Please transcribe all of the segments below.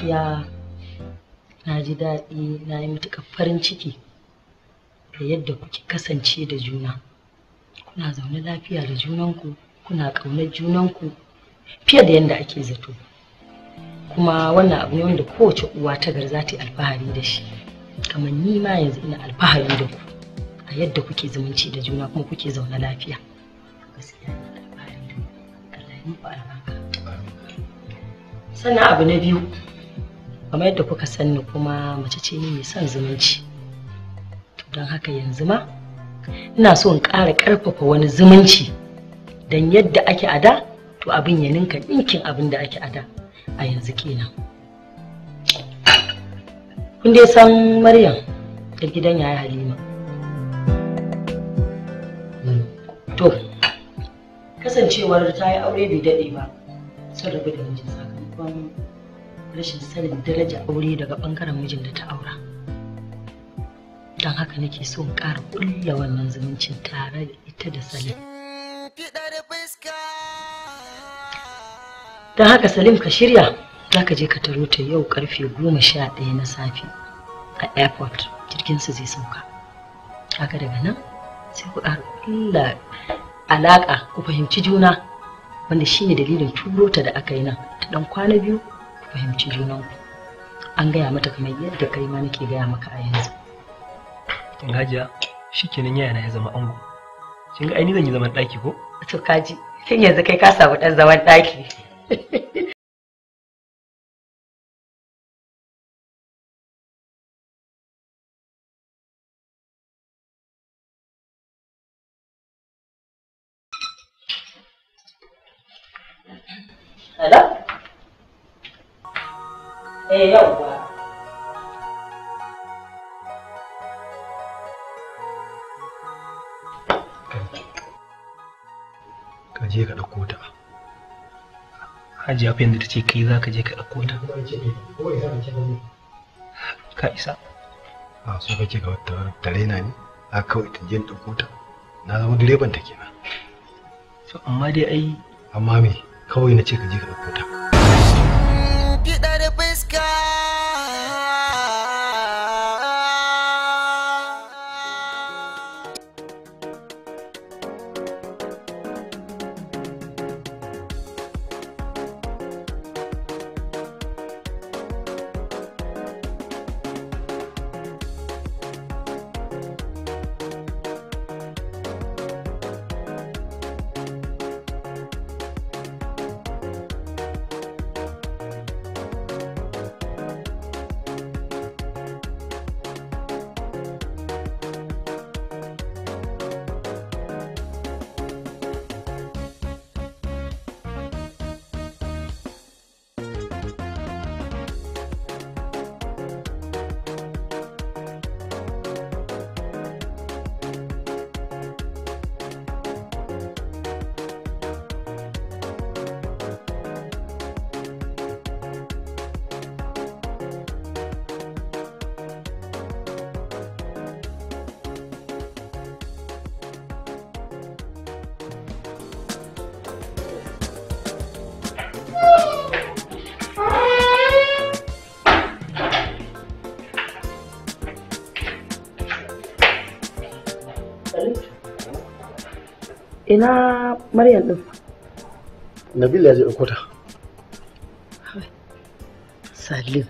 gaskiya na ji daɗi na yi matuƙar farin ciki da yadda kuke kasance da juna kuna zaune lafiya da junanku kuna ƙaunar junanku fiye da yadda ake zato kuma wannan abu ne wanda kowace uwa ta gar za ta yi alfahari da shi kamar ni ma yanzu ina alfahari da ku a yadda kuke zumunci da juna kuma kuke zaune lafiya gaskiya alfahari da albarka sannan abu na biyu kamar yadda kuka sani kuma mace ce mai son zumunci to don haka yanzu ma ina so in ƙara ƙarfafa wani zumunci don yadda ake a da to abin ya ninka ɗinkin abin da ake a a yanzu kenan kun dai san maryam da gidan yayi halima to kasancewar ta yi aure bai daɗe ba sun rabu da mijin sakamakon rashin sanin daraja aure daga bangaren mijin da ta aura don haka nake so in ƙara kulla wannan zumuncin tare da ita da salim don haka salim ka shirya za ka je ka taro ta yau karfe goma sha ɗaya na safe a airport su zai sauka haka daga nan sai ku ƙara ƙulla alaƙa ku fahimci juna wanda shine dalilin turo ta da aka yi nan ta ɗan kwana biyu fahimci junanku an gaya mata kamar yadda kai ma nake gaya maka a yanzu Hajiya shikenan yaya na ya zama ango kin ga ni zan yi zaman daki ko to kaji kin yanzu kai ka samu dan zaman daki Eh yawwa. Ka je ka ɗauko ta. Hajiya fa yadda ta kai za ka je ka ɗauko ta. Ka isa. A so kake ga wata tare na ne? A kawai ta je ɗauko ta. Na zama direban ta kenan. To amma dai ai. Amma me? Kawai na ce ka je ka ɗauko ta. Ina Maryam ɗin? Nabila ya je ɗauko ta. Salim.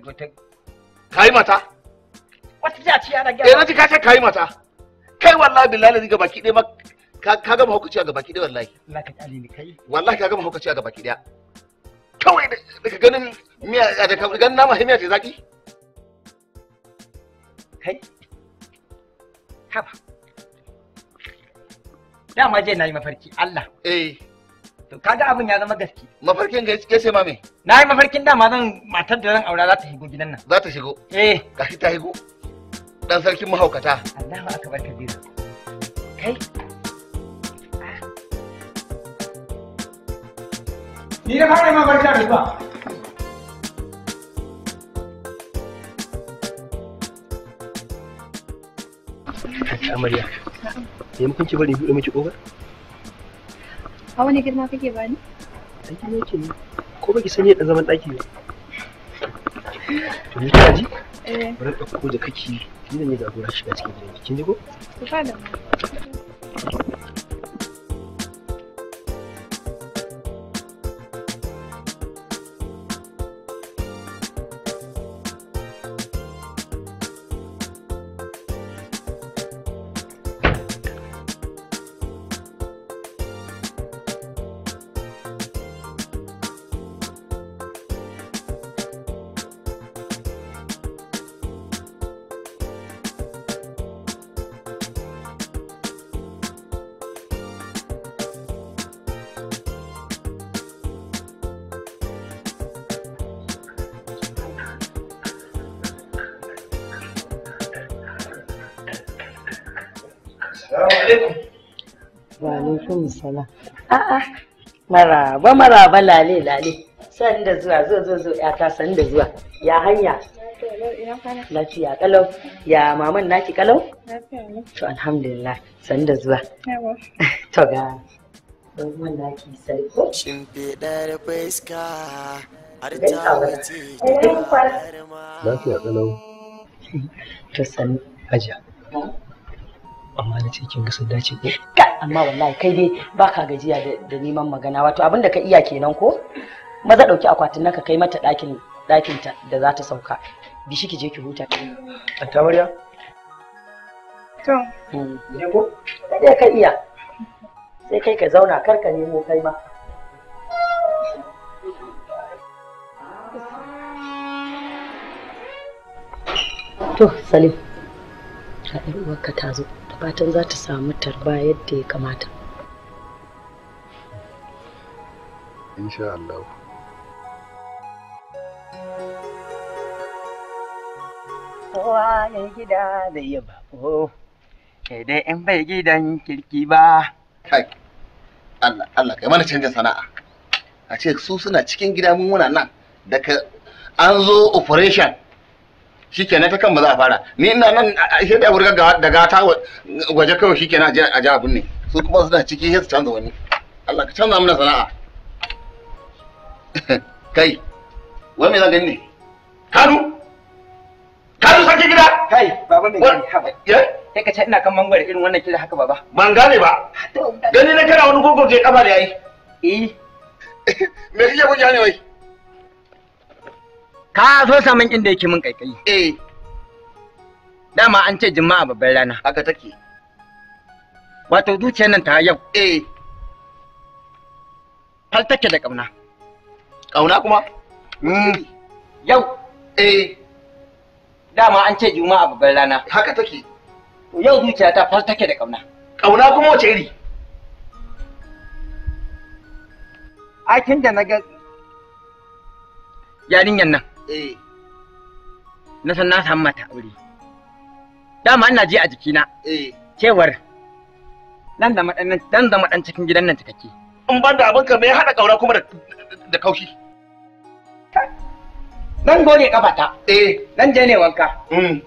wata kayi mata wata ta ce ana gyara eh naji ka ce kayi mata kai wallahi billahi ga baki ɗaya ka gama hukunci a baki ɗaya wallahi wallahi ka gama hukunci a baki ɗaya kawai daga ganin miya da ganin nama miya ce zaki kai haba dama je na yi mafarki Allah eh To kaga abin ya zama gaske. Mafarkin gaske sai ma me? Na yi mafarkin dama zan matar da zan aura za ta shigo gidan nan. Za ta shigo? Eh. Gashi ta shigo. Dan sarkin mahaukata. Allahu akbar kabira. Kai. Ni da fara mafarkin da ba. Amarya, sai mun ci bari bude miki ƙofa? a wani girma kake bani ɗaki ne ke ko baki sani da zaman ɗaki ne to ni ta ji eh. bari ɗauko da kake ni da ne shiga cikin gidan kin ji ko da mu alaikum salam a'a maraba maraba lale lale san da zuwa zo zo zo ya ta san da zuwa ya hanya lafiya kalau ya maman naki kalau Lafiya to alhamdulillah san da zuwa Yawa. to ga ruwan naki sai ko shimfiɗar fuska har ta wace eh, lafiya kalau to san aja amma na ce kin ga sun dace ko kai amma wallahi kai dai baka gajiya da neman magana wato abin da ka iya kenan ko maza dauki akwatin naka kai mata dakin dakin ta da za ta sauka bishi ki je ki huta a ta murya to ne hmm. ko da ka iya sai kai ka zauna kar ka nemo kai ma to salim ka uwarka ta zo fatan za ta samu tarba yadda ya kamata insha Allah kowa ya gida da ya babo dai in bai gidan kirki ba kai Allah Allah kai mana canjin sana'a a ce su suna cikin gida mun muna nan daga an zo operation shikenan ta kan ba za a fara ni ina nan sai da burga da gata waje kawai shikenan a ji abun ne su kuma suna ciki sai su canza wani Allah ka canza mana sana'a kai wai me za gani ne kanu kanu sarki gida kai baba me gani haba sai eh? ka ce ina kan mangwara irin wannan kira haka baba ban gane ba gani na kana wani gogo je kafa da yayi eh me kike kunya ne wai ka so samun inda yake min kaikayi eh dama an ce jima'a babban rana haka take wato zuciyar nan ta yau eh har take da kauna kauna kuma hmm. yau eh dama an ce juma'a babban rana haka take yau zuciya ta far take da kauna kauna kuma wace iri akin da na ga yarinyan nan Eh. na san na san mata aure dama ina ji a jikina eh cewar dan da madan dan da madan cikin gidan nan take in ban da abin ka me hada kaura kuma da da kaushi dan goge kafata eh dan je ne wanka mm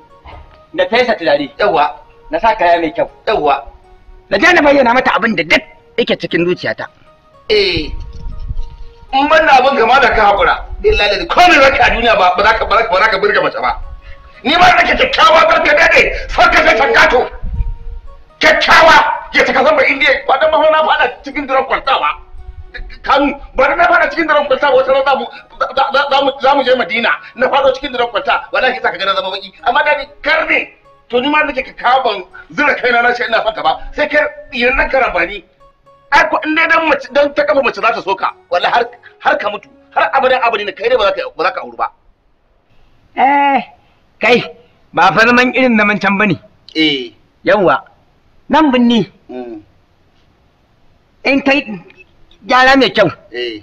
da fesa turare yawa na sa kaya mai kyau yawa na je na bayyana mata abin da duk yake cikin zuciyata eh in ban abin kama da ka haƙura billahi da komai ne a duniya ba za ka ba za ka burga mace ba ni ma nake kyakkyawa barka dade farka sai tangato kyakkyawa ya saka zama indiya ba dan ba na fada cikin daren kwalta ba kanu ba na fada cikin daren kwalta ba wata ran za mu je Madina na fado cikin daren kwalta wallahi saka ga na zama baki amma da dani karne to ni ma nake kyakkyawa ban zura kaina na shi ina fanta ba sai kai idan na karambani ai ko in dai dan mace dan ta kafa mace za ta soka wallahi har har ka mutu har abadan abadi ne kai dai ba za ka ba za ka auru ba eh kai ba fa zaman irin na mancan bane eh yawa nan binni mm. in kai gyara mai kyau eh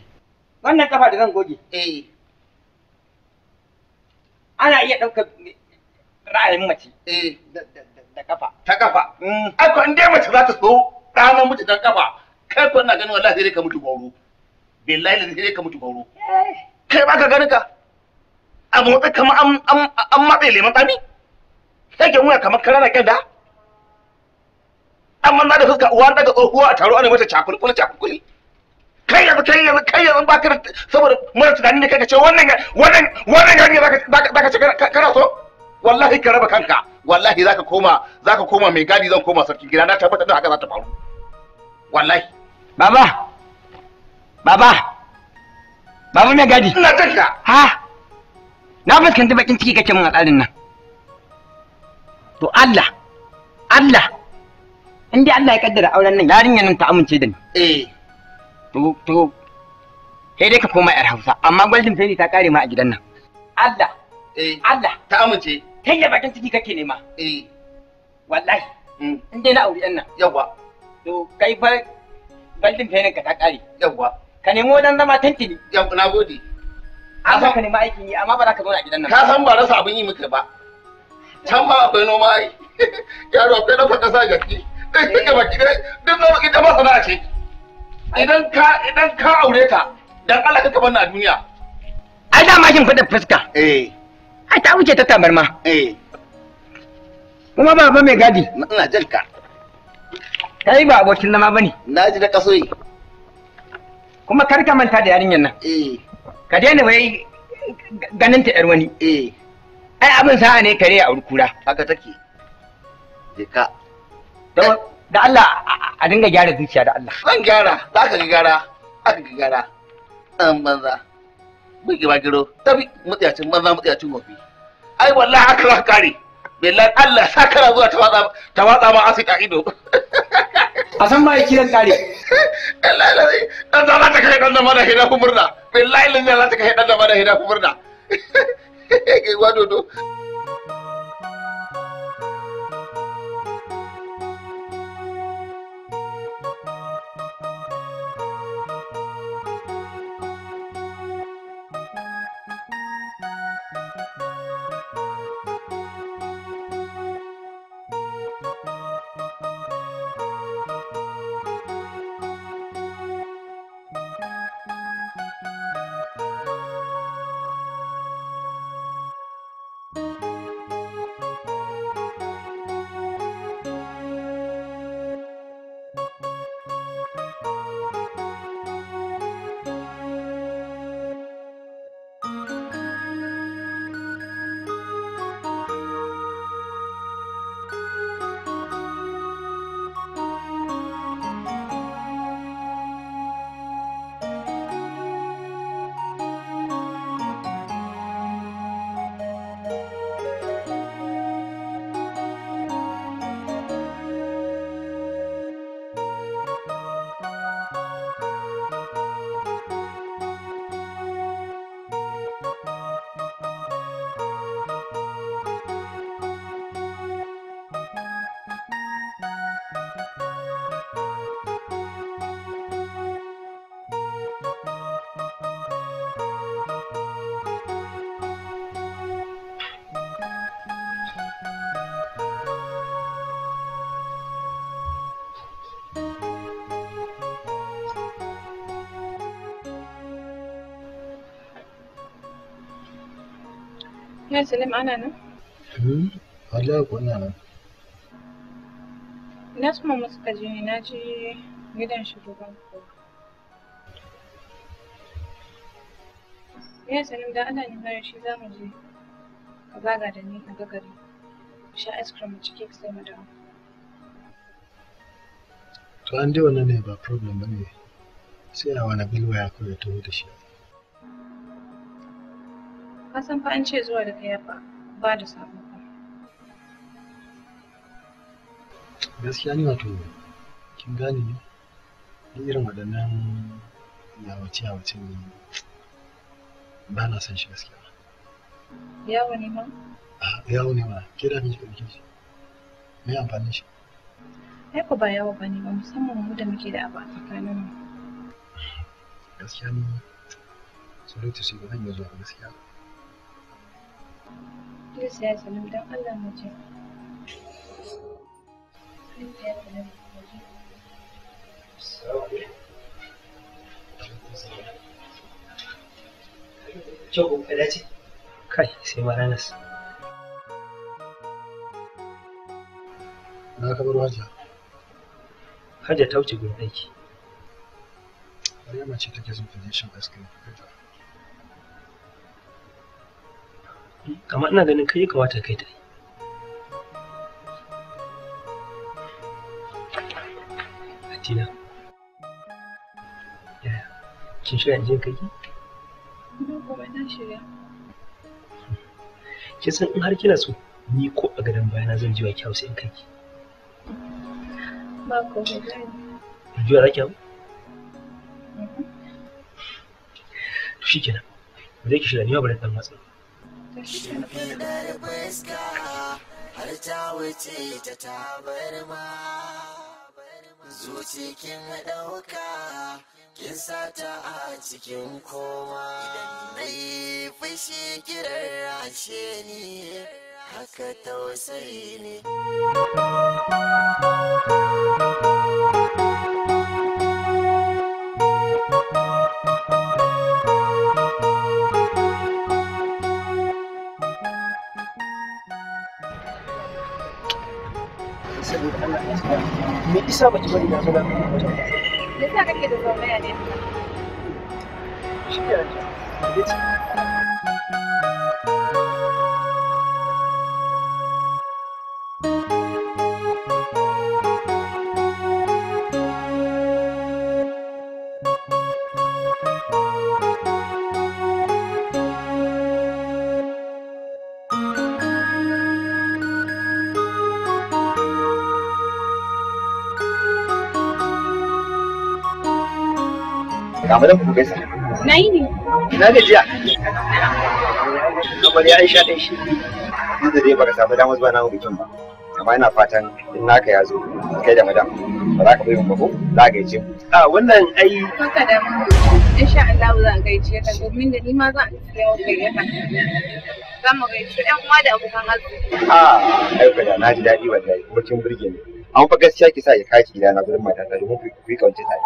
wannan kafa da zan goge eh ana iya ɗaukar ra'ayin mace eh. da kafa ta kafa mm. ako in dai mace za ta so ɗa namiji dan kafa kai ko ina ganin wallahi sai dai ka mutu gauro billahi sai dai ka mutu gauro kai ba ka ganin ka a motsa kamar an an an matse leman tsami sai wuya kamar karara kyanda an manna da fuska uwa daga tsohuwa a taro ana mata cakulkuli cakulkuli kai yanzu kai yanzu kai yanzu baka da saboda mara tunani ne ka ce wannan wannan wannan ka zaka ka ce kana so wallahi ka raba kanka wallahi zaka koma zaka koma mai gadi zan koma sarkin gida na tabbata da haka za ta faru wallahi Baba! Baba! Baba mai gadi! Ina jinka! Ha! Na fuskanci bakin ciki kake mun a tsarin nan. To Allah! Allah! In dai Allah ya kaddara auren nan yarinyar nan ta amince da ni. Eh. To, to, sai dai ka koma yar Hausa, amma gwaldin feri ta kare ma a gidan nan. Allah! Eh. Allah! Ta amince. Kai ya bakin ciki kake nema. Eh. Wallahi. Mm. In dai na auri yan nan. Yawwa. To, kai fa Baldin training ka ta ƙare. Yawwa. Ka nemo dan zama tantini. Yawwa na gode. An ka nemi aikin yi amma ba za ka zauna a gidan nan. Ka san ba rasa abin yi muka ba. Can ba akwai noma ai. Yaro akwai na fata sa jaki. Dai kika eh. baki dai duk na baki da masana ce. Idan ka idan ka aure ta dan Allah ka bar na duniya. Ai da mashin fada fuska. Eh. Ai ta wuce ta tabarma. Eh. Kuma baba mai gadi. Ina jalka. kai ba abokin zama bane na ji da kasoyi kuma kar ka manta da yarinyar nan eh ka daina wai ganin ta yar wani eh ai abin sa'a ne kare a urkura haka take je ka da Allah a dinga gyara zuciya da Allah zan gyara za ka gyara aka gyara an banza bugi ba giro tabi mutiyacin banza mutiyacin gobe ai wallahi haka za ka kare billahi Allah sa kana zuwa ta watsa ta watsa ma asid a ido a san ba yake dan kare Allah Allah dan za ta kai dan da hida ku murna billahi lillahi za kai dan da hida ku murna wadodo Ya Salim ana nan? Hmm, Allah ku ana nan. Na su mamma suka je ne na je gidan shugaban ku. Ya Salim da ana ne bayan shi za mu je. Ka da ni a gagari. Sha ice cream ciki sai To an dai ne ba problem ne. Sai a wani ya kawai ya da shi. san fa an ce zuwa daga yaba ba da sabo gaskiya ni wato kin gane ni irin waɗannan yawace yawace ne ba na san shi gaskiya yawo ne ma yawo ne ma ke da miji ɗauke shi me amfani shi ai ba yawo ba ne ba musamman mu da muke da abu a tsakanin mu gaskiya ni surutu sai ba zan iya zuwa gaskiya Please ya salim don Allah mu je. ya Kyau ce? Kai sai maranas. Na ka bar ta wuce gurin aiki. Maryama ce take son foundation ice cream. amma ina ganin kai ya kamata kai ta yi Tina. kin shirya in je ki? Kin san in har kina so ni ko a gadon bayana zan ji wa kyau sai in kai ki. Ba ko za ki hau? To kenan, Ba zai ki shirya ni ba da dan matsa. Shimfiɗar fuska har ta wuce ta tabarma. Zuci kin ɗauka, kin sata a cikin koma. Idan na yi fushi kiran rashe ni, haka tausayi ne. saboda Allah me bari na zo na yasa kake da zama ya ne bari ku gaisa na yi ne na gajiya kamar ya aisha ɗin shi duk da dai baka samu damar zuwa na bikin ba amma ina fatan in naka ya zo kai da madam ba za ka bai ba ko za ka gaice mu a wannan ai kanka da in sha Allah za a gaice ka domin da ni ma za a yawo kai ka za mu gaice ɗan uwa da abokan arziki a ai da na ji daɗi wallahi kuma kin burge ni an fa gaskiya ki sa ya kaki gida na gurin matata domin ku yi kauce ta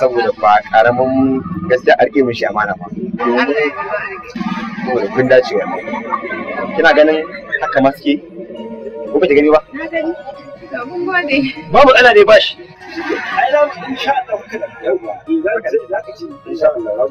saboda ba karamin gaskiya a rike mun shi amana ba saboda kun dace wa kina ganin haka ma suke ko ba ta gani ba na gani ba mu ana dai bashi ai mu insha Allah da yawa za ka insha Allah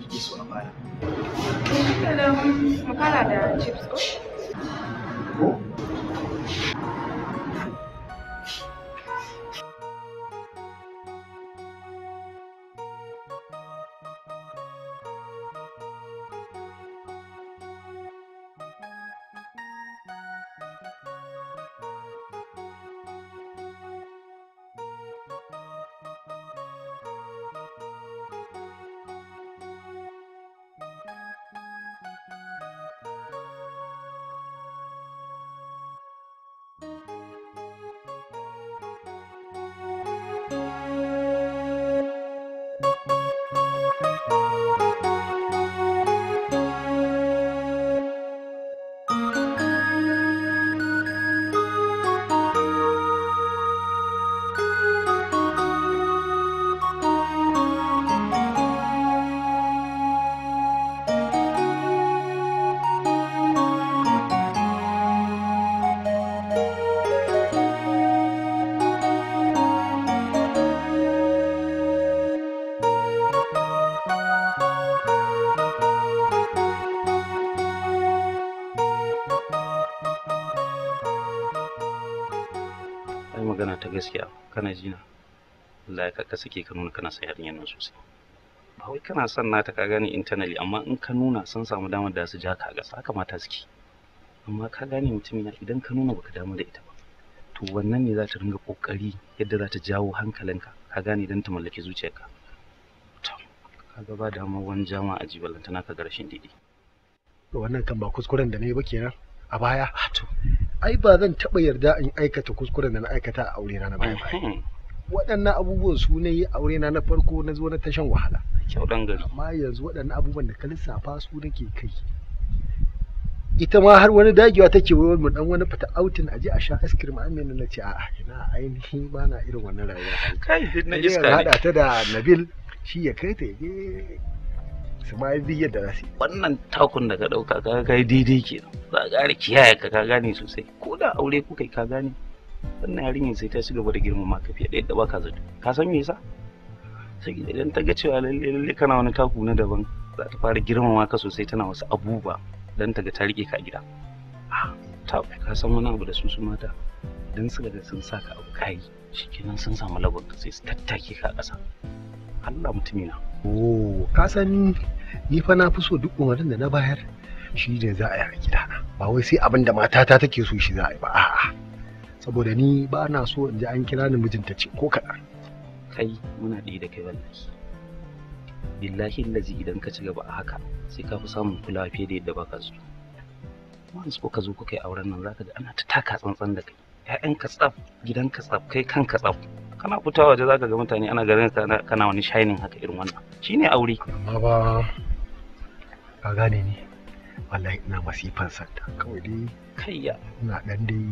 kike so a fara? Mu fara da chips ko? gaskiya kana ji na, wallahi ka sake ka nuna kana son yarinyar nan sosai ba wai kana son nata ka gane internally amma in ka nuna san samu damar da su ja ka ga saka mata suke amma ka gane mutum na idan ka nuna baka damu da ita ba to wannan ne za ta ringa kokari yadda za ta jawo hankalinka ka gane idan ta mallaki zuciyarka to ga ba damar wani jama a jibalanta naka ga rashin daidai to wannan kan ba kuskuren da na yi ba kenan a baya ah, to ai ba zan taɓa yarda in aikata kuskuren da na aikata a aure na na baya waɗannan abubuwan su na yi aure na na farko na zo na tashan wahala amma yanzu waɗannan abubuwan da ka lissafa su nake kai ita ma har wani dagewa take wai mu dan wani fita outin a je a sha ice cream amina na ce a'a ina ainihin ba na irin wannan rayuwa kai na iska ne hada ta da Nabil shi ya kai ta je su ma yi biyar da su wannan takun da ka ɗauka ka ga daidai ke za a gari kiyaye ka ka gane sosai ko da aure kuka ka gane wannan yarinyar sai ta ci gaba da girmama ka fiye da yadda ka zato ka san me yasa sai idan ta ga cewa lalle lalle kana wani taku na daban za ta fara girmama ka sosai tana wasu abubuwa dan ta ga ta rike ka gida ah, ta ka san wani abu da su su mata don su ga sun saka abu kai shikenan sun samu labar sai su tattake ka ƙasa Allah mutumina Oh, ka san ni fa na fi so duk umarnin da na bayar shi ne za a yi a ba wai sai abin da matata take so shi za a yi ba a'a saboda ni ba na so in ji an kira ni mijinta ce ko kaɗan kai muna ɗaya da kai wallahi billahi lazi idan ka ci gaba a haka sai ka fi samun kulawa fiye da yadda baka so once ko ka zo kuka yi auren nan zaka ga ana ta taka tsantsan da kai yayanka ka tsaf gidan ka tsaf kai kanka tsaf kana fita waje zaka ga mutane ana garin ka kana wani shining haka irin wannan shine aure amma ba ka gane ni wallahi ina masifan santa kawai dai kayya ina dan dai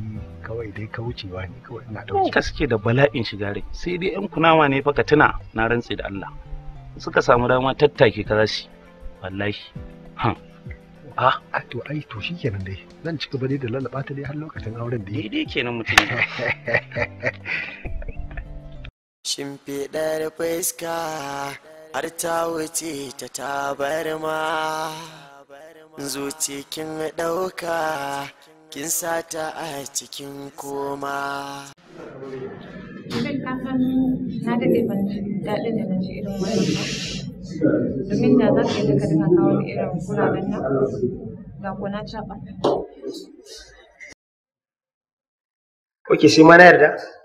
kawai dai kaucewa ne kawai ina dauke ka suke da bala'in shiga rai sai dai yan kunama ne fa ka tuna na rantsi da Allah suka samu dama tattake ka zasu wallahi ha a ah. to ai to shikenan dai zan ci gaba dai da lalaba ta dai har lokacin auren da yake dai kenan mutum shimfiɗar fuska har ta wuce ta tabarma zuci kin ɗauka kin sata a cikin koma na daɗe ban daɗin da na ji irin wannan ba domin da za ka yi duka duka kawo irin guraren nan ga ko na caɓa ok sai ma na yarda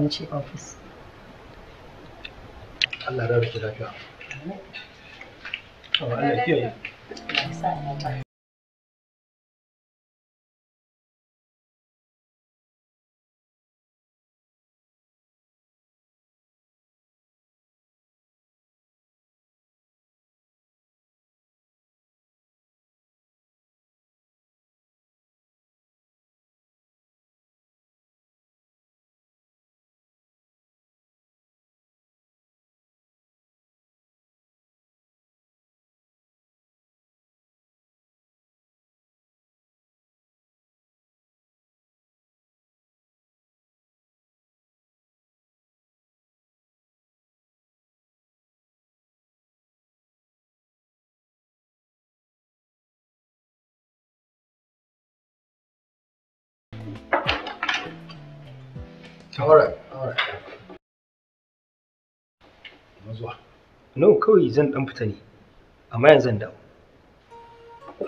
wuce ofis Allah ya rabu ki lafiya Allah ya kiyaye Alright, No, kawai zan ɗan fita ne, amma yanzu zan dawo.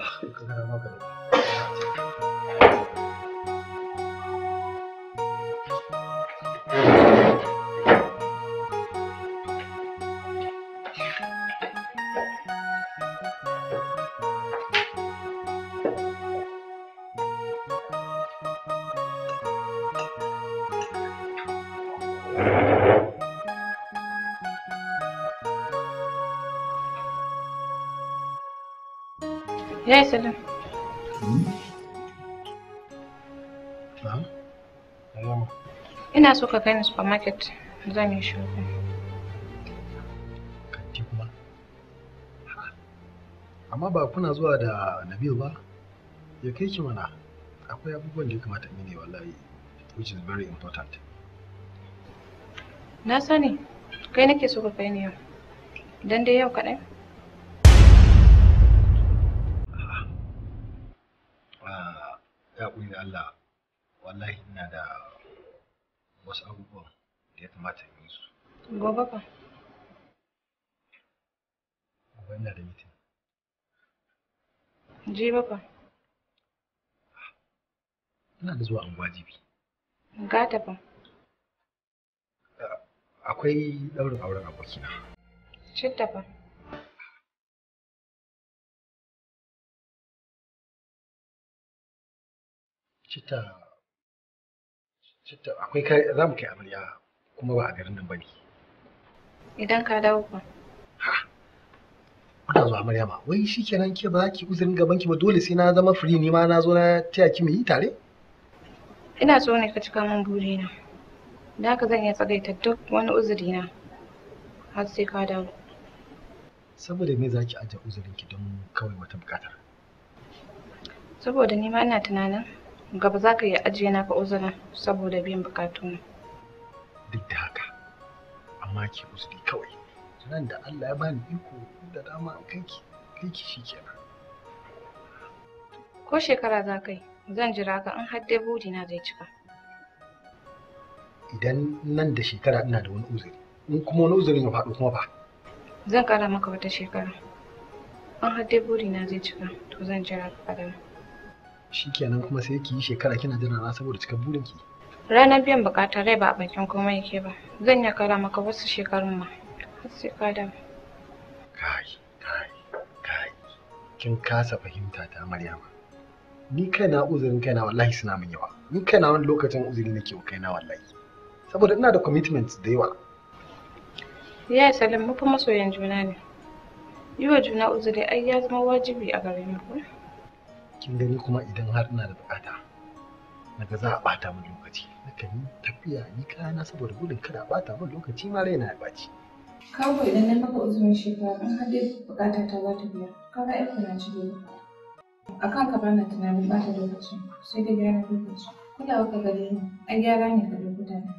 Ah, Yes, mm. Selim. Ina so ka kai ni supermarket zan yi shopping. Amma ba kuna zuwa da Nabil ba? Ya kai ki mana. Akwai abubuwan da ya kamata in ne wallahi which is very important. Na sani, kai nake so ka kai ni yau. Dan dai yau kaɗai. ya ƙuri Allah wallahi ina da wasu abubuwan da ya kamata in yi su. Gobe fa. Gobe ina da mitin. Je ba fa. Ina da zuwa anguwa jibi. Gata fa. Akwai ɗaurin auren abokina. Citta fa. Citta citta akwai kai za mu kai amarya kuma ba a garin nan bane. Idan ka dawo ku. Ha. Muna zuwa amarya ba. Wai shikenan ke ba ki uzurin gaban ki ba dole sai na zama free ni ma na zo na taya ki mu yi tare? Ina so ne ka cika min burina. Da haka zan iya tsagaita duk wani uzuri na har sai ka dawo. Saboda me za ki ajiye ki don kawai wata bukatar? Saboda ni ma ina tunanin gaba za ka iya ajiye ka uzuri saboda biyan ne. duk da haka amma ki uzuri kawai nan da Allah ya bani iko da dama kai ki kai shi kenan. ko shekara za kai zan jira ka in har dai na zai cika idan nan da shekara ina da wani uzuri in kuma wani uzuri ya faɗo kuma ba zan kara maka wata shekara An har dai burina zai cika to zan jira ka kaɗan. shikenan kuma sai ki yi shekara kina jira na saboda cikar burin ki ranar biyan bukata rai ba a bakin komai yake ba zan ya kara maka wasu shekarun ma sai ka da kai kai kai kin kasa fahimta ta maryama ni kaina uzurin kaina wallahi suna min yawa ni kaina wani lokacin uzuri nake wa kaina wallahi saboda ina da commitments da yawa ya salim mafi fa masoyan juna ne yi wa juna uzuri ai ya zama wajibi a gare mu kin gani kuma idan har ina da bukata naga za a bata min lokaci nakan yi tafiya yi kayana saboda gudun kada a bata min lokaci ma raina ya baci kawai idan na maka uzurin shekara in har dai bukata ta za ta biya kaga ai na ci dole a kan ka bana tunanin bata lokaci sai da gyara lokaci kulawa ka gare ni ai gyara ne ka lokuta ne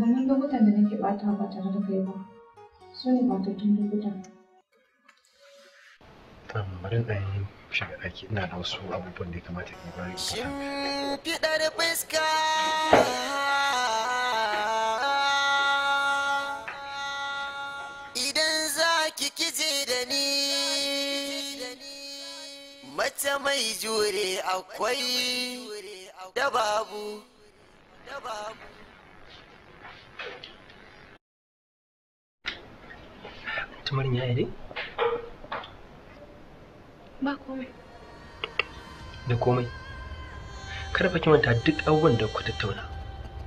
domin lokutan da nake bata ba tare da kai ba su ne batattun lokuta. tamarin ɗayan shiga ɗaki ina da wasu abubuwan da ya kamata ya bari shimfiɗar fuska idan za ki kije da ni mace mai jure akwai da babu da babu tumarin ba komai da komai kada fa ki manta duk abubuwan da ku tattauna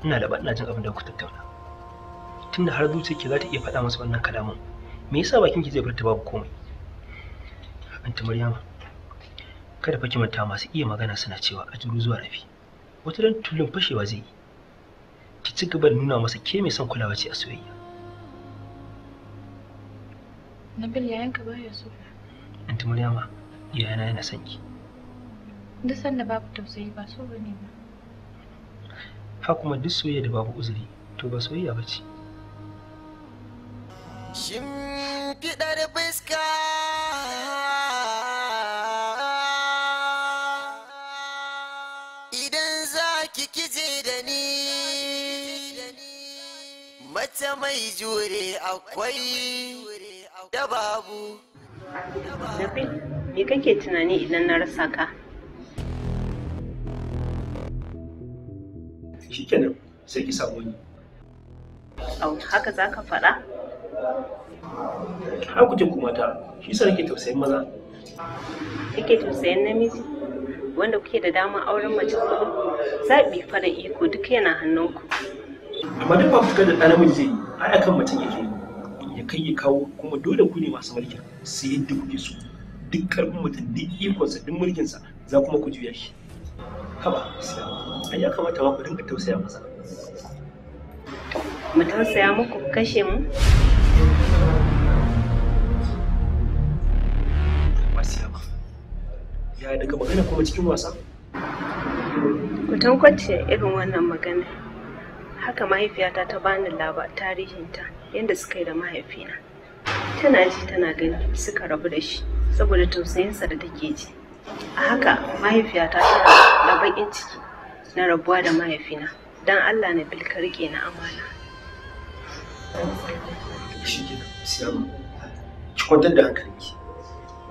ina da ina jin abin da ku tattauna tunda har ki za ta iya faɗa masa wannan kalaman me yasa bakin ki zai furta babu komai anta maryama kada fa ki manta masu iya magana suna cewa a ajuru zuwa rafi wata ran tulun fashewa zai yi ki ci gaba da nuna masa ke mai son kulawa ce a soyayya Nabil yayanka baya so anta maryama iyana yana son ki duk sanda babu tausayi ba so bane ba ha kuma duk soyayya da babu uzuri to ba soyayya ba ce shimfiɗar fuska idan za ki kije da ni mace mai jure akwai da babu da babu me kake tunani idan na rasa ka shikenan sai ki samu ni au haka za ka faɗa Ha ku kuma ta shi sa nake tausayin maza kake tausayin namiji wanda kuke da damar auren mace kudu zaɓi fara iko duk yana hannunku amma duk ba fitar da ɗan namiji zai yi ai akan mace yake ya kai ya kawo kuma dole ku ne masu mulki sai yadda kuke so duk karfin mutum duk ikonsa duk mulkinsa za kuma ku juya shi haba ai ya kamata ma ku dinga tausaya masa mu tausaya muku kashe mu ya daga magana kuma cikin wasa ku tankwace irin wannan magana haka mahaifiyata ta bani laba tarihinta yadda suka yi da mahaifina tana ji tana gani suka rabu da shi saboda tausayinsa da take ji a haka mahaifiyata tana da baƙin ciki na rabuwa da mahaifina don allah na bilkar ke na amana shi ke ki kwantar da hankalinki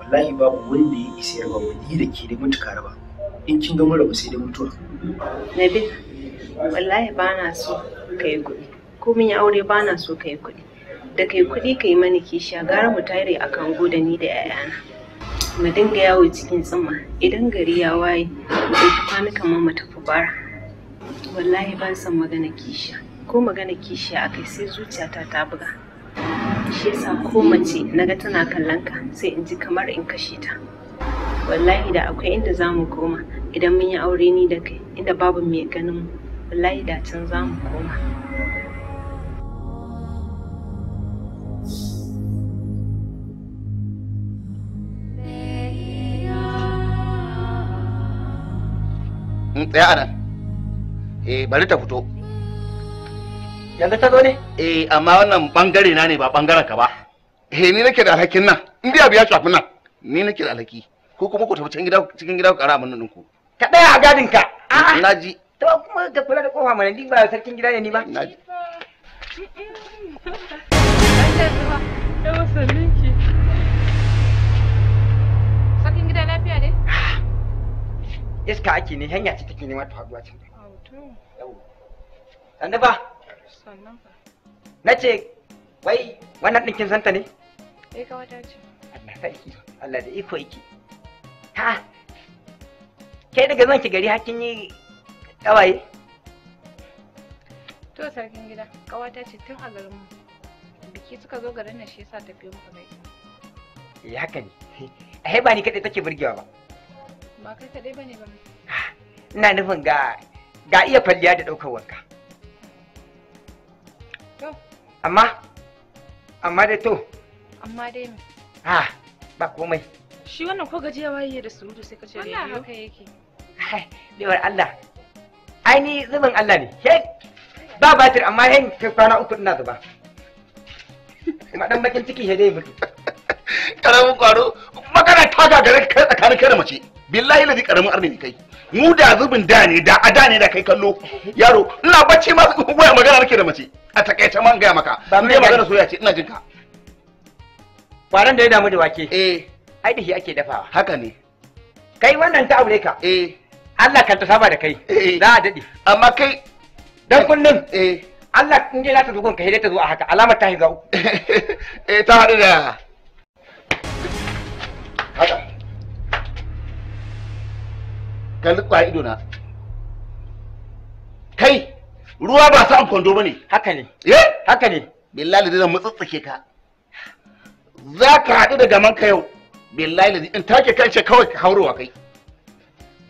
wallahi babu wanda ya isa yarba ni da ke da mutuka raba in kin ga mura sai da mutuwa nabil wallahi ba na so ka yi kuɗi ko min ya aure ba na so ka yi kuɗi da kai kuɗi ka yi mani kishiya gara mu tare akan goda ni da 'ya'yana mu dinga yawo cikin tsumma idan gari ya waye mu ɗauki kwanukan ma mu tafi bara wallahi ba san magana kishiya ko magana kishiya akai sai zuciyata ta buga shi yasa ko mace naga tana kallon ka sai in ji kamar in kashe ta wallahi da akwai inda za mu koma idan mun yi aure ni da kai inda babu mai ganin mu wallahi da can za mu koma in tsaya anan eh bari ta fito yanzu ta zo ne eh amma wannan bangare na ne ba bangaren ka ba eh ni nake da alhakin nan in dai abu ya shafi nan ni nake da alhaki ko kuma ku tafi cikin gida cikin gida ku kara abin nan ku ka ɗaya a gadin ka na ji to kuma ka kula da kofa mana ni ba sarkin gida ne ni ba na ji iska ake ne hanya ce take neman faduwa can sannan ba na ce wai wannan ɗinkin santa ne eh ka wata ce Allah sarki Allah da iko yake ha kai daga zan ki gari hakin yi kawaye to sarkin gida kawata ce tun a garin mu biki suka zo garin na shi yasa tafiyo muka gaisa ya eh, haka ne eh ba ni kaɗai take burgewa ba Ba kai kaɗai ba ne ba. Ina nufin ga ga iya falliya da ɗaukar wanka. To. Amma amma dai to. Amma dai me? Ha ba komai. Shi wannan ko gajiya waye da surutu sai ka ce rediyo. Wannan haka yake. Lewar Allah. Ai ni zubin Allah ne. He, Ba batir amma hen kwana uku ina zuba. Madan bakin ciki he dai mutu. Karamin kwaro ka gagare kai tsakanin kai da mace billahi ladi karamin arni kai mu da zubin da ne da ada ne da kai kallo yaro ina bacci ma goya magana nake da mace a takaice man gaya maka ne mai magana soyayya ce ina jinka kwaran da ya damu da wake eh ai da shi ake dafawa haka ne kai wannan ta aure ka eh Allah kan ta saba da kai eh. za a dade amma kai dan kullum eh Allah in dai za ta zo gonka sai ta zo a haka alamar ta higa eh ta hadu da haka ka lukwa ido na kai ruwa ba sa kwando bane haka ne eh haka ne billahi da mu tsitsike ka za ka haɗu da gaman ka yau billahi da in take kan shi kawai ka haurowa kai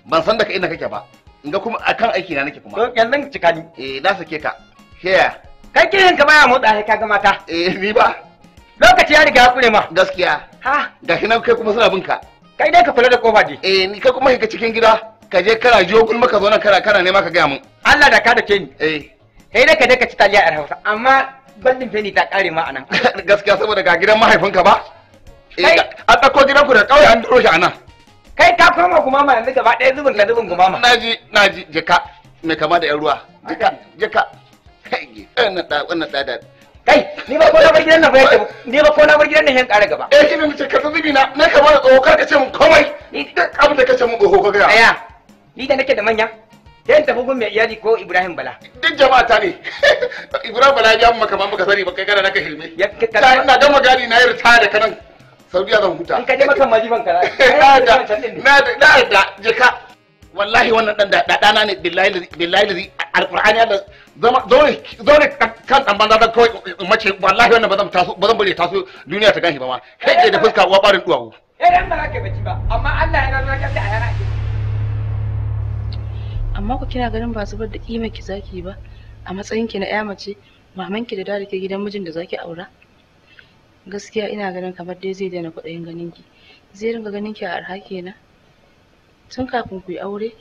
ban san daga inda kake ba in ga kuma akan aiki na nake kuma to yanzu cika ni eh na sake ka sheya kai kiran ka baya motsa sai ka ga mata eh ni ba lokaci ya riga hakure kure ma gaskiya ha gashi nan kai kuma suna binka ka kai dai ka kula da kofa dai eh ni kai kuma ka cikin gida ka je kana jiyo gulma ka zo nan kara kana nema ka gaya mun Allah da ka da ke ni eh kai dai ka je ka ci taliya a Hausa amma bandin feni ta kare ma anan gaskiya saboda ga gidan mahaifinka ba eh a dauko gidan ku da kauye an duro shi anan kai ka koma gumama yanzu gaba ɗaya zubin ka zubin gumama naji naji jika mai kama da yan ruwa jika jika wannan da wannan da kai ni ba ko na bar gidan nan ba ni ba ko bar gidan gaba eh kini mace ka zubi na na ka bada tsoho ka ce mun komai ni duk abin da ka ce mun tsoho ka ga aya ni da nake da manya sai tafi gun mai iyali ko Ibrahim Bala duk jama'a ta ne Ibrahim Bala ya maka ma maka sani ba kai kana naka hilme ta ina gama gari na yi ta da kanan Saudiya zan huta in ka je maka ka na da na da wallahi wannan dan da dana ne billahi billahi alqur'ani Allah zama dole kan dan banza da kawai mace wallahi wannan bazan taso bazan bare taso duniya ta ganshi ba ma kai ke da fuska wa barin duwawo eh dan ba ka bace ba amma Allah yana nuna kanta a yana ake amma ku kina ganin ba zubar da kima ki zaki ba a matsayin ki na ƴa mace maman ki da dare ke gidan mijin da zaki aura gaskiya ina ganin kamar dai zai daina kuɗin ganin ki zai ringa ganin ki a arha kenan tun kafin ku yi aure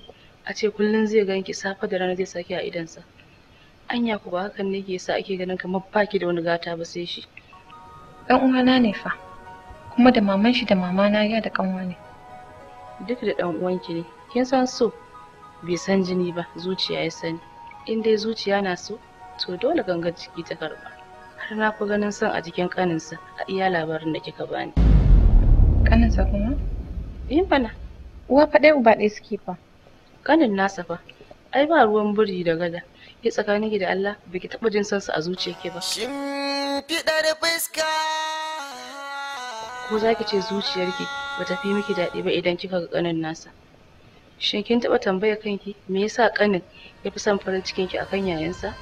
a ce kullum zai ganki safe da rana zai sake a idansa anya ku ba hakan ne ke sa ake ganin kamar baki da wani gata ba sai shi dan uwana ne fa kuma da maman shi da mama na ya da kanwa ne duk da dan uwanki ne kin san so bai san jini ba zuciya ya sani in dai zuciya na so to dole gangar jiki ta karba har na fi ganin son a jikin kaninsa a iya labarin da kika bani kaninsa kuma yin eh bana Uwa fa ɗaya uba ɗaya suke fa. Ƙanin nasa fa. Ai ba ruwan buri da gada. Ke tsakanin ki da Allah baki taɓa jin su a zuciyarki ba. Shimfiɗar fuska. Ko za ki ce zuciyarki ba ta fi miki daɗi ba idan kika ga ƙanin nasa. Shin kin taɓa tambaya kanki me yasa ƙanin ya fi son farin cikinki akan yayansa?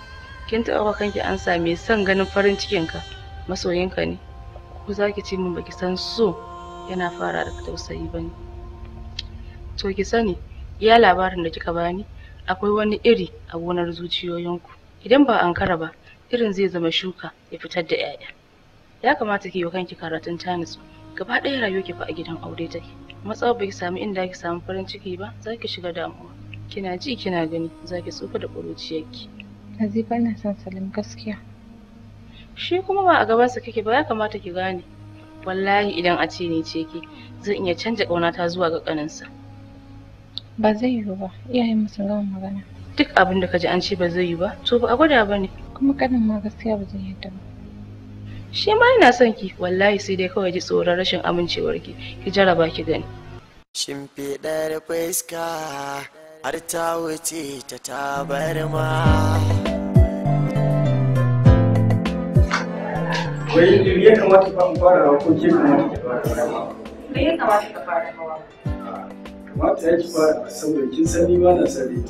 Kin taɓa wa kanki ansa me son ganin farin cikinka masoyinka ne? Ko za ki ce min ba ki san so yana fara da tausayi ba ne? to ki sani iya labarin da kika bani akwai wani iri a gonar zuciyoyinku idan ba ankara ba irin zai zama shuka ya fitar da 'ya'ya ya kamata ki yi kanki karatun tanis gaba ɗaya rayuwa ki fa a gidan aure take matsawa ba ki samu inda ki samu farin ciki ba za ki shiga damuwa kina ji kina gani za ki tsufa da ƙuruciyarki Nazifa na son Salim gaskiya shi kuma ba a gabansa kake ba ya kamata ki gane wallahi idan a ce ni ce ki zan iya canja ƙaunata zuwa ga ƙaninsa ba zai yiwu ba iyayen sun gama magana duk abin da ka ji an ce ba zai yiwu ba to ba a gwada ba ne kuma kanin ma gaskiya ba zai yadda ba shi ma yana son ki wallahi sai dai kawai ji tsoron rashin amincewar ki ki jaraba ki gani shimfiɗar fuska har ta wuce ta tabarma Wai ya kamata ka fara fara ko ke kamata ka fara? Me ya kamata ka fara rawa? Mata ya ki fara saboda kin sani ba na sani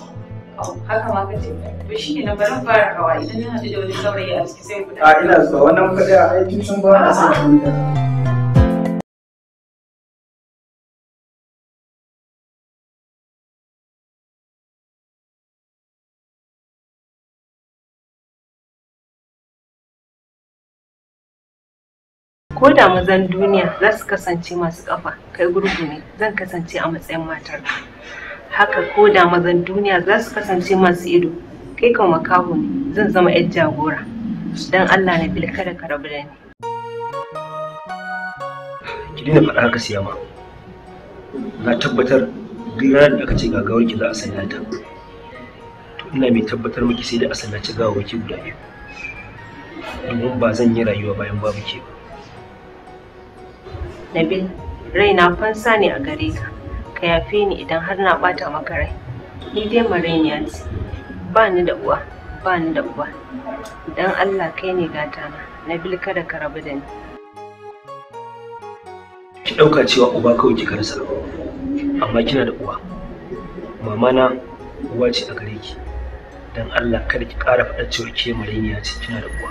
haka ma kace to shi ne na barin fara hawa idan na haɗu da wani saurayi a cikin sai ku da a ina zuwa wannan faɗi a aikin sun ba na son ki ko da mazan duniya za su kasance masu ƙafa kai gurgu ne zan kasance a matsayin matar haka ko da mazan duniya za su kasance masu ido kai kan makaho ne zan zama 'yan jagora don allah na bil kada ka rabu da ni ki daina faɗa haka siya ma na tabbatar duk ranar da aka ce gagawar ki za a sanya ta to ina mai tabbatar miki sai da a ci gawar ki guda biyu domin ba zan yi rayuwa bayan babu ke ba Nabil, na fansa ne a gare ka. Ka yafe ni idan har na ɓata maka rai. Ni dai mariniya ce. Ba ni da uwa, ba ni da uwa. Dan Allah kai ne gata na. Nabil kada ka rabu da ni. Ki ɗauka cewa uba kawai kika rasa. Amma kina da uwa. Mama na uwa ce a gare ki. Dan Allah kada ki ƙara fada cewa ke mariniya ce kina da uwa.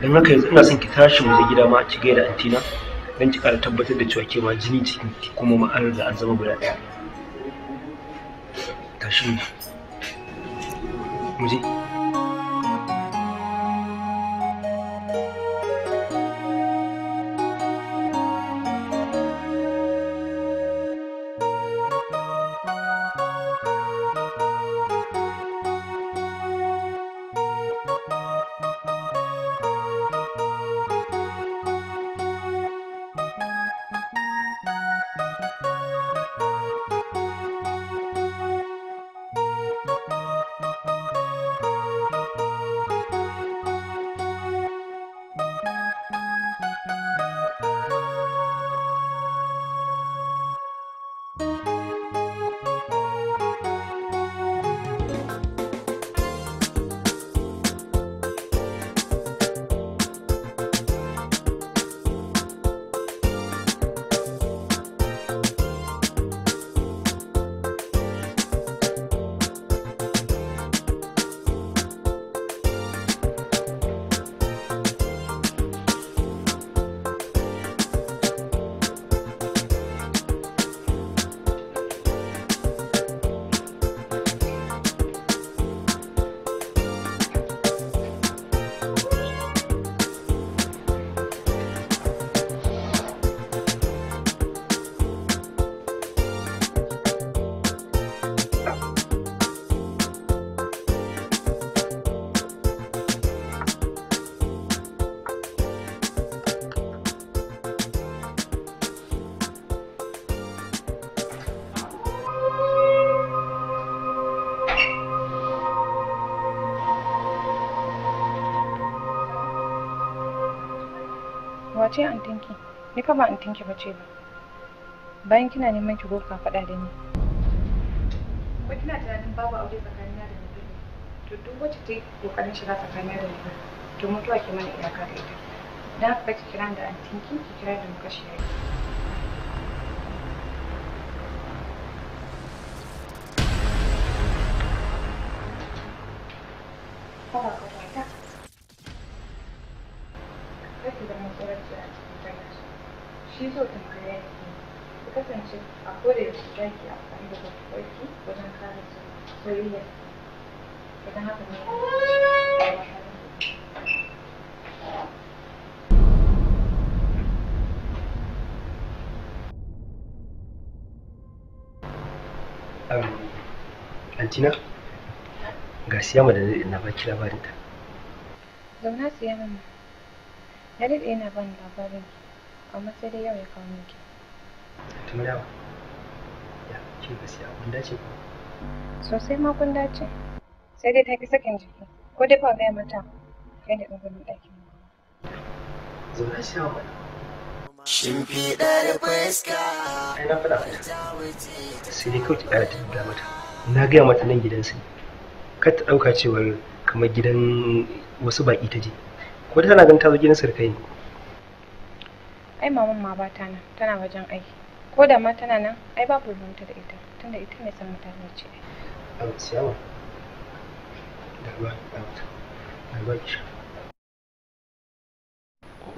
don haka yanzu ina son ki tashi mu je gida ma ki gaida antina don ki ƙara tabbatar da cewa ke ma jini cikin kuma ma'anar an riga an zama guda ɗaya tashi mu je wace ki? ni fa ba antinki ba ce ba bayan kina neman ki goka faɗa da ni ba kina tunanin babu aure tsakanina da mutum to duk wacce ta yi kokarin shiga tsakanina da mutum to mutuwa ke mana iyaka da ita dan haka kira da antin ki kira da muka shi Fatina ga siyama da zai na baki labarin ta. Zauna siyama ne. Na daɗe yana bani labarin amma sai dai yau ya kawo min ki. Tun yawa. Ya, ga siya kun dace ku. Sosai ma kun dace. Sai dai ta ki sakin jiki. Ko dai ba gaya mata yadda in gudun ɗakin. Zauna siyama mana. Shimfiɗar fuska. Ai na faɗa mata. Sai dai kawai ki ƙara ta mata. na gaya mata nan gidan su, kar ta ɗauka cewa kamar gidan wasu baƙi ta je ko tana ganin ta zo gidan sarkai ne ai maman ma ba ta nan tana wajen aiki ko da ma tana nan ai babu ta da ita tunda ita ne san mutane ce ai siyawa da ruwa da ruwa ki sha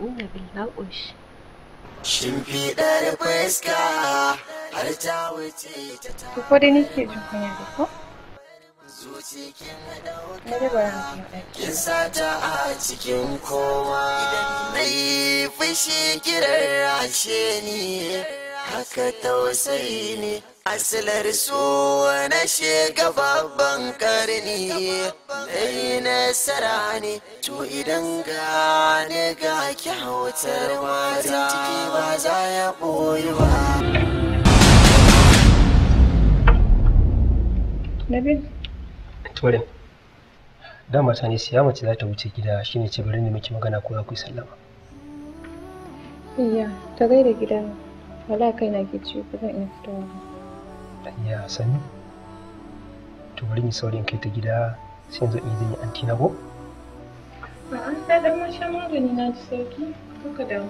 ina bin Shimfiɗar fuska har ta wuce ta ta. Ko dai nake jin kunya da ko? Kin sata a cikin kowa idan na yi fushi kirar rashe ni. haka tausayi ne asilar su na shiga babban karni dai nasara ne to idan gane ga kyautar mata ciki ba za ya ɓoyi ba Nabil? mata ne siya mace za ta wuce gida shine ce bari ne muke magana ko ya kuyi sallama. Iya, ta gaida gida wala kai na ke ciwo ba zan iya fitowa ya sani to bari ni saurin kai ta gida sai zan idan anti na go ba an ta da mun sha magani na ji sauki to ka damu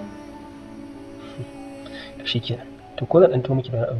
shikenan to ko zan dan to miki da